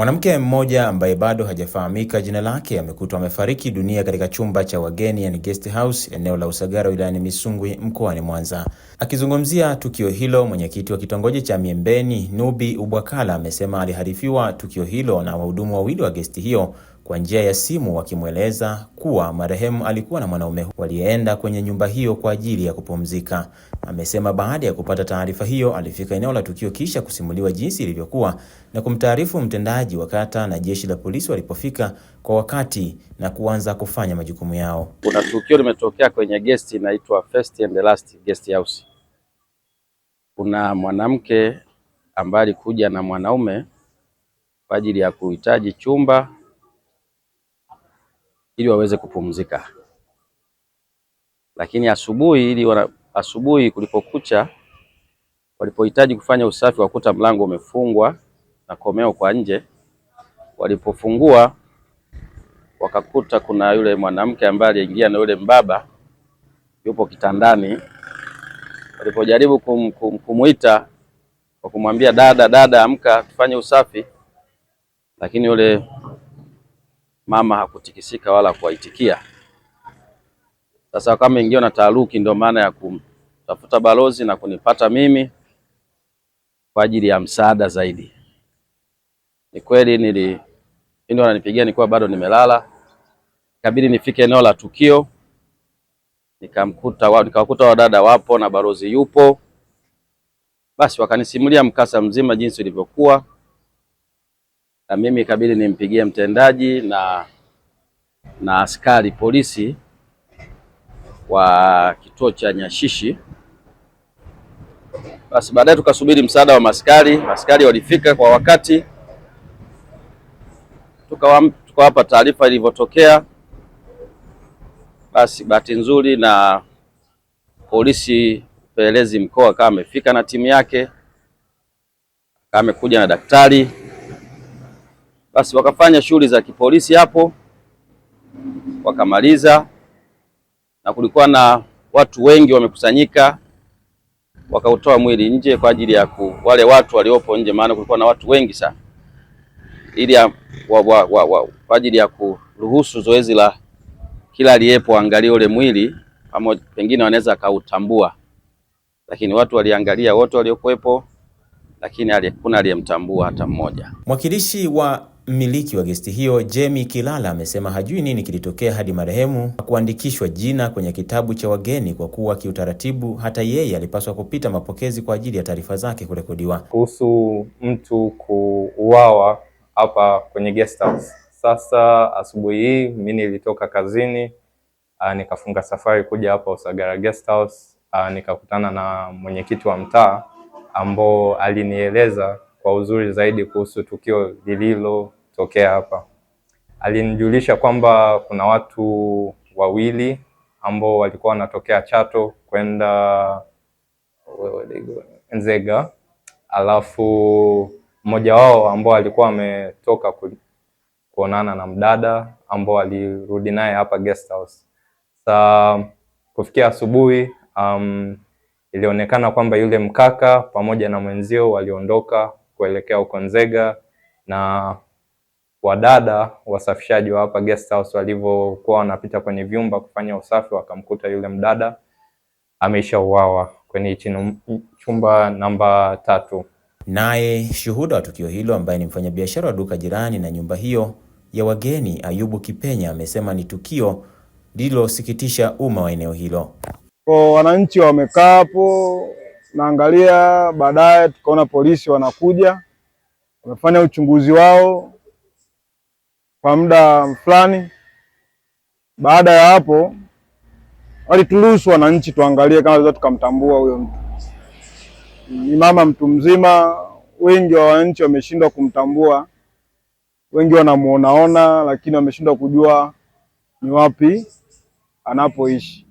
Mwanamke mmoja ambaye bado hajafahamika jina lake amekutwa amefariki dunia katika chumba cha wageni yani guest house eneo la Usagara wilayani Misungwi mkoani Mwanza. Akizungumzia tukio hilo, mwenyekiti wa kitongoji cha Miembeni Nubi Ubwakala amesema aliharifiwa tukio hilo na wahudumu wawili wa gesti hiyo kwa njia ya simu wakimweleza kuwa marehemu alikuwa na mwanaume waliyeenda kwenye nyumba hiyo kwa ajili ya kupumzika. Amesema baada ya kupata taarifa hiyo alifika eneo la tukio kisha kusimuliwa jinsi ilivyokuwa na kumtaarifu mtendaji wa kata na jeshi la polisi walipofika kwa wakati na kuanza kufanya majukumu yao. Kuna tukio limetokea kwenye gesti inaitwa First and Last Guest House. Kuna mwanamke ambaye alikuja na mwanaume kwa ajili ya kuhitaji chumba ili waweze kupumzika. Lakini asubuhi ili wana, asubuhi kulipokucha walipohitaji kufanya usafi wakuta mlango umefungwa na komeo kwa nje. Walipofungua wakakuta kuna yule mwanamke ambaye aliingia na yule mbaba yupo kitandani. Walipojaribu kum, kum, kumwita kwa kumwambia dada, dada, amka tufanye usafi, lakini yule mama hakutikisika wala kuwaitikia. Sasa kama ingiwa na taaruki, ndio maana ya kumtafuta balozi na kunipata mimi kwa ajili ya msaada zaidi. Ni kweli nili ndio ananipigia nilikuwa bado nimelala, ikabidi nifike eneo la tukio, nikamkuta nikawakuta wadada wapo na balozi yupo, basi wakanisimulia mkasa mzima jinsi ulivyokuwa na mimi ikabidi nimpigie mtendaji na, na askari polisi wa kituo cha Nyashishi. Basi baadaye tukasubiri msaada wa maskari. Askari walifika kwa wakati, tukawapa tuka taarifa ilivyotokea. Basi bahati nzuri na polisi pelelezi mkoa akawa amefika na timu yake, akawa amekuja na daktari basi wakafanya shughuli za kipolisi hapo, wakamaliza na kulikuwa na watu wengi wamekusanyika, wakautoa mwili nje kwa ajili ya ku, wale watu waliopo nje, maana kulikuwa na watu wengi sana, ili ya, wa, wa, wa, wa, kwa ajili ya kuruhusu zoezi la kila aliyepo angalie ule mwili pamoja, pengine wanaweza akautambua, lakini watu waliangalia wote waliokuwepo, lakini hakuna aliyemtambua hata mmoja. Mwakilishi wa Mmiliki wa gesti hiyo Jemi Kilala amesema hajui nini kilitokea hadi marehemu kuandikishwa jina kwenye kitabu cha wageni kwa kuwa kiutaratibu hata yeye alipaswa kupita mapokezi kwa ajili ya taarifa zake kurekodiwa. Kuhusu mtu kuuawa hapa kwenye guest house. Sasa asubuhi hii mimi nilitoka kazini aa, ah, nikafunga safari kuja hapa Usagara guest house aa, ah, nikakutana na mwenyekiti wa mtaa ambao alinieleza kwa uzuri zaidi kuhusu tukio lililo kutokea hapa. Alinijulisha kwamba kuna watu wawili ambao walikuwa wanatokea Chato kwenda Nzega, alafu mmoja wao ambao alikuwa ametoka kuonana na mdada ambao alirudi naye hapa guest house. Sa kufikia asubuhi um, ilionekana kwamba yule mkaka pamoja na mwenzio waliondoka kuelekea huko Nzega na wadada wasafishaji wa hapa guest house walivyokuwa wanapita kwenye vyumba kufanya usafi, wakamkuta yule mdada ameishauawa kwenye chumba namba tatu. Naye shuhuda wa tukio hilo ambaye ni mfanyabiashara wa duka jirani na nyumba hiyo ya wageni, Ayubu Kipenya, amesema ni tukio lililosikitisha umma wa eneo hilo. Kwa wananchi wamekaa hapo naangalia, baadaye tukaona polisi wanakuja, wamefanya uchunguzi wao kwa muda fulani. Baada ya hapo, walituruhusu wananchi tuangalie kama tunaweza tukamtambua huyo mtu. Ni mama mtu mzima, wengi wa wananchi wameshindwa kumtambua, wengi wanamuonaona, lakini wameshindwa kujua ni wapi anapoishi.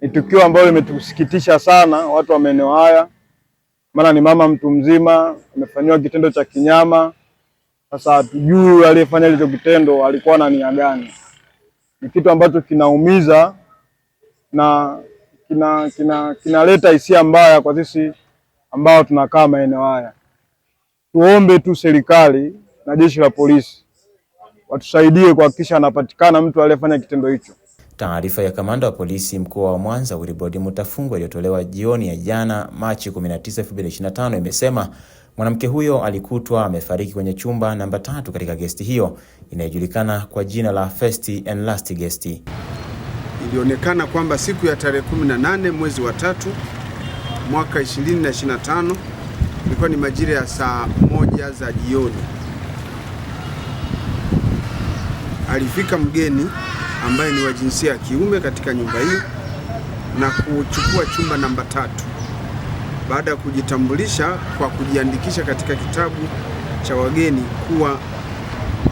Ni tukio ambalo limetusikitisha sana watu wa maeneo haya, maana ni mama mtu mzima amefanyiwa kitendo cha kinyama sasa hatujui aliyefanya hicho kitendo alikuwa na nia gani. Ni kitu ambacho kinaumiza na kinaleta kina, kinaleta hisia mbaya kwa sisi ambao tunakaa maeneo haya. Tuombe tu serikali na jeshi la polisi watusaidie kuhakikisha anapatikana mtu aliyefanya kitendo hicho. Taarifa ya kamanda wa polisi mkoa wa Mwanza Wilbrod Mutafungwa iliyotolewa jioni ya jana Machi 19, 2025 imesema Mwanamke huyo alikutwa amefariki kwenye chumba namba tatu katika gesti hiyo inayojulikana kwa jina la First and Last Guest. Ilionekana kwamba siku ya tarehe 18 mwezi wa tatu mwaka 2025 ilikuwa ni majira ya saa moja za jioni, alifika mgeni ambaye ni wa jinsia ya kiume katika nyumba hiyo na kuchukua chumba namba tatu baada ya kujitambulisha kwa kujiandikisha katika kitabu cha wageni kuwa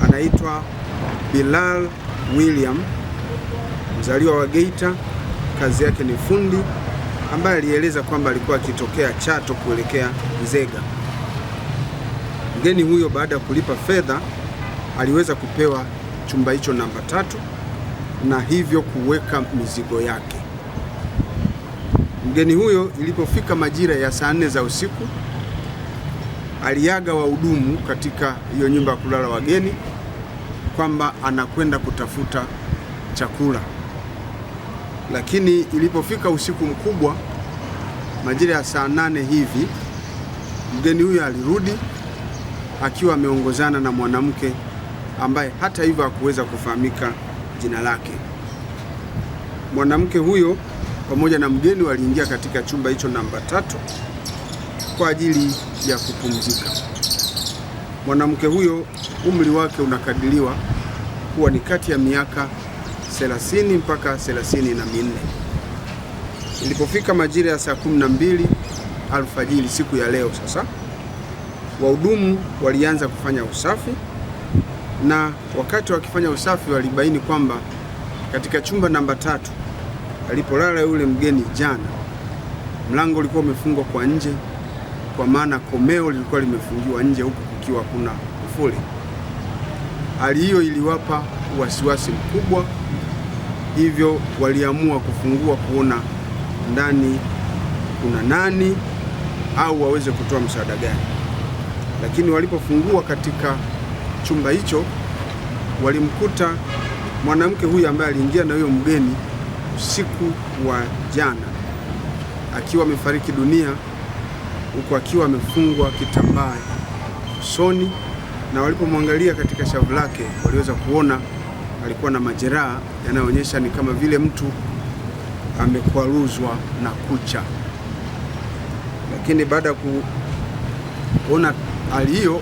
anaitwa Bilal William, mzaliwa wa Geita, kazi yake ni fundi, ambaye alieleza kwamba alikuwa akitokea Chato kuelekea Nzega. Mgeni huyo baada ya kulipa fedha aliweza kupewa chumba hicho namba tatu na hivyo kuweka mizigo yake. Mgeni huyo ilipofika majira ya saa nne za usiku aliaga wahudumu katika hiyo nyumba ya kulala wageni kwamba anakwenda kutafuta chakula, lakini ilipofika usiku mkubwa majira ya saa nane hivi mgeni huyo alirudi akiwa ameongozana na mwanamke ambaye hata hivyo hakuweza kufahamika jina lake. Mwanamke huyo pamoja na mgeni waliingia katika chumba hicho namba tatu kwa ajili ya kupumzika. Mwanamke huyo umri wake unakadiriwa kuwa ni kati ya miaka 30 mpaka 34. Ilipofika majira ya saa 12 alfajiri siku ya leo, sasa wahudumu walianza kufanya usafi, na wakati wakifanya usafi walibaini kwamba katika chumba namba tatu alipolala yule mgeni jana, mlango ulikuwa umefungwa kwa nje, kwa maana komeo lilikuwa limefungiwa nje, huku kukiwa kuna kufuli. Hali hiyo iliwapa wasiwasi mkubwa, hivyo waliamua kufungua kuona ndani kuna nani au waweze kutoa msaada gani. Lakini walipofungua katika chumba hicho, walimkuta mwanamke huyu ambaye aliingia na huyo mgeni usiku wa jana akiwa amefariki dunia huku akiwa amefungwa kitambaa usoni, na walipomwangalia katika shavu lake waliweza kuona alikuwa na majeraha yanayoonyesha ni kama vile mtu amekwaruzwa na kucha. Lakini baada ya kuona hali hiyo,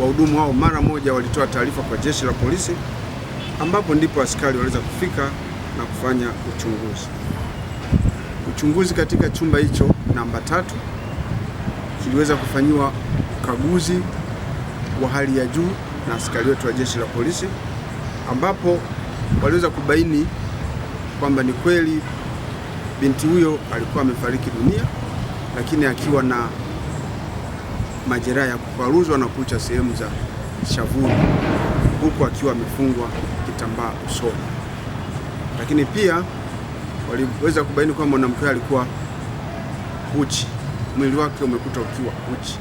wahudumu hao mara moja walitoa taarifa kwa jeshi la polisi, ambapo ndipo askari waliweza kufika na kufanya uchunguzi. Uchunguzi katika chumba hicho namba tatu kiliweza kufanyiwa ukaguzi wa hali ya juu na askari wetu wa Jeshi la Polisi, ambapo waliweza kubaini kwamba ni kweli binti huyo alikuwa amefariki dunia, lakini akiwa na majeraha ya kuparuzwa na kucha sehemu za shavuni, huku akiwa amefungwa kitambaa usoni lakini pia waliweza kubaini kwamba mwanamke alikuwa uchi, mwili wake umekuta ukiwa uchi,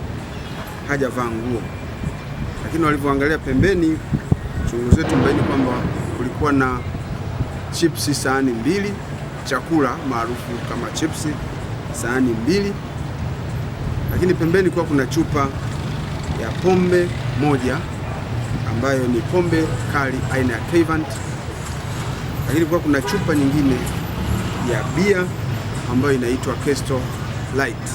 hajavaa nguo. Lakini walivyoangalia pembeni, chunguzi wetu mbaini kwamba kulikuwa na chipsi sahani mbili, chakula maarufu kama chipsi sahani mbili, lakini pembeni kuwa kuna chupa ya pombe moja ambayo ni pombe kali aina ya Kevant lakini kwa kuna chupa nyingine ya bia ambayo inaitwa Kesto Light.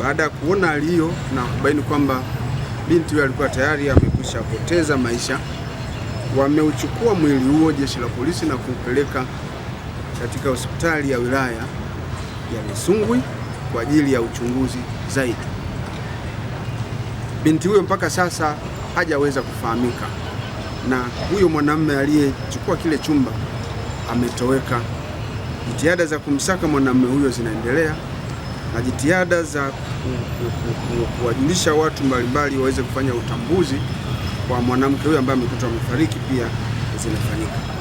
Baada ya kuona hali hiyo na kubaini kwamba binti huyo alikuwa tayari amekwisha poteza maisha, wameuchukua mwili huo jeshi la polisi na kuupeleka katika hospitali ya wilaya ya Misungwi kwa ajili ya uchunguzi zaidi. Binti huyo mpaka sasa hajaweza kufahamika na huyo mwanamume aliyechukua kile chumba ametoweka. Jitihada za kumsaka mwanamume huyo zinaendelea na jitihada za kuwajulisha watu mbalimbali waweze kufanya utambuzi kwa mwanamke huyo ambaye amekutwa amefariki pia zinafanyika.